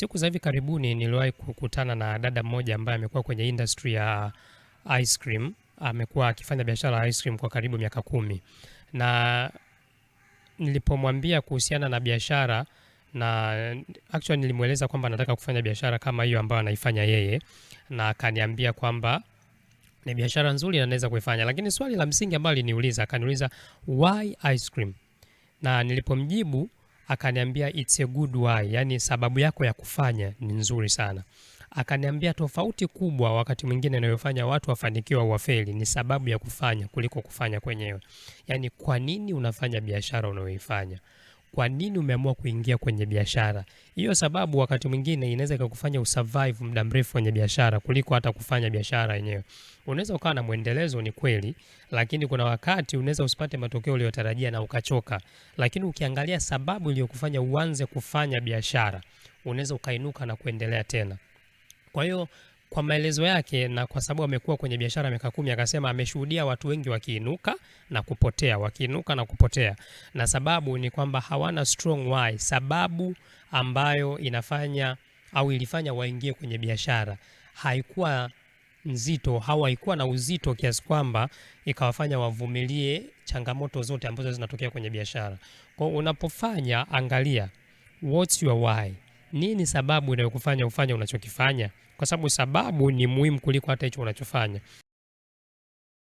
Siku za hivi karibuni niliwahi kukutana na dada mmoja ambaye amekuwa kwenye industry ya ice cream, amekuwa akifanya biashara ya ice cream kwa karibu miaka kumi, na nilipomwambia kuhusiana na biashara na actually nilimweleza kwamba nataka kufanya biashara kama hiyo ambayo anaifanya yeye, na akaniambia kwamba ni biashara nzuri na naweza kuifanya, lakini swali la msingi ambalo aliniuliza akaniuliza why ice cream, na nilipomjibu akaniambia it's a good why, yani sababu yako ya kufanya ni nzuri sana. Akaniambia tofauti kubwa wakati mwingine inayofanya watu wafanikiwa wafeli ni sababu ya kufanya kuliko kufanya kwenyewe, yani kwa nini unafanya biashara unayoifanya kwa nini umeamua kuingia kwenye biashara hiyo. Sababu wakati mwingine inaweza ikakufanya usurvive muda mrefu kwenye biashara kuliko hata kufanya biashara yenyewe. Unaweza ukawa na mwendelezo, ni kweli, lakini kuna wakati unaweza usipate matokeo uliyotarajia na ukachoka. Lakini ukiangalia sababu iliyokufanya uanze kufanya biashara, unaweza ukainuka na kuendelea tena. Kwa hiyo kwa maelezo yake, na kwa sababu amekuwa kwenye biashara miaka kumi, akasema ameshuhudia watu wengi wakiinuka na kupotea, wakiinuka na kupotea, na sababu ni kwamba hawana strong why, sababu ambayo inafanya au ilifanya waingie kwenye biashara haikuwa nzito au haikuwa na uzito kiasi kwamba ikawafanya wavumilie changamoto zote ambazo zinatokea kwenye biashara. Kwa unapofanya, angalia what's your why nini sababu inayokufanya ufanye unachokifanya, kwa sababu sababu ni muhimu kuliko hata hicho unachofanya.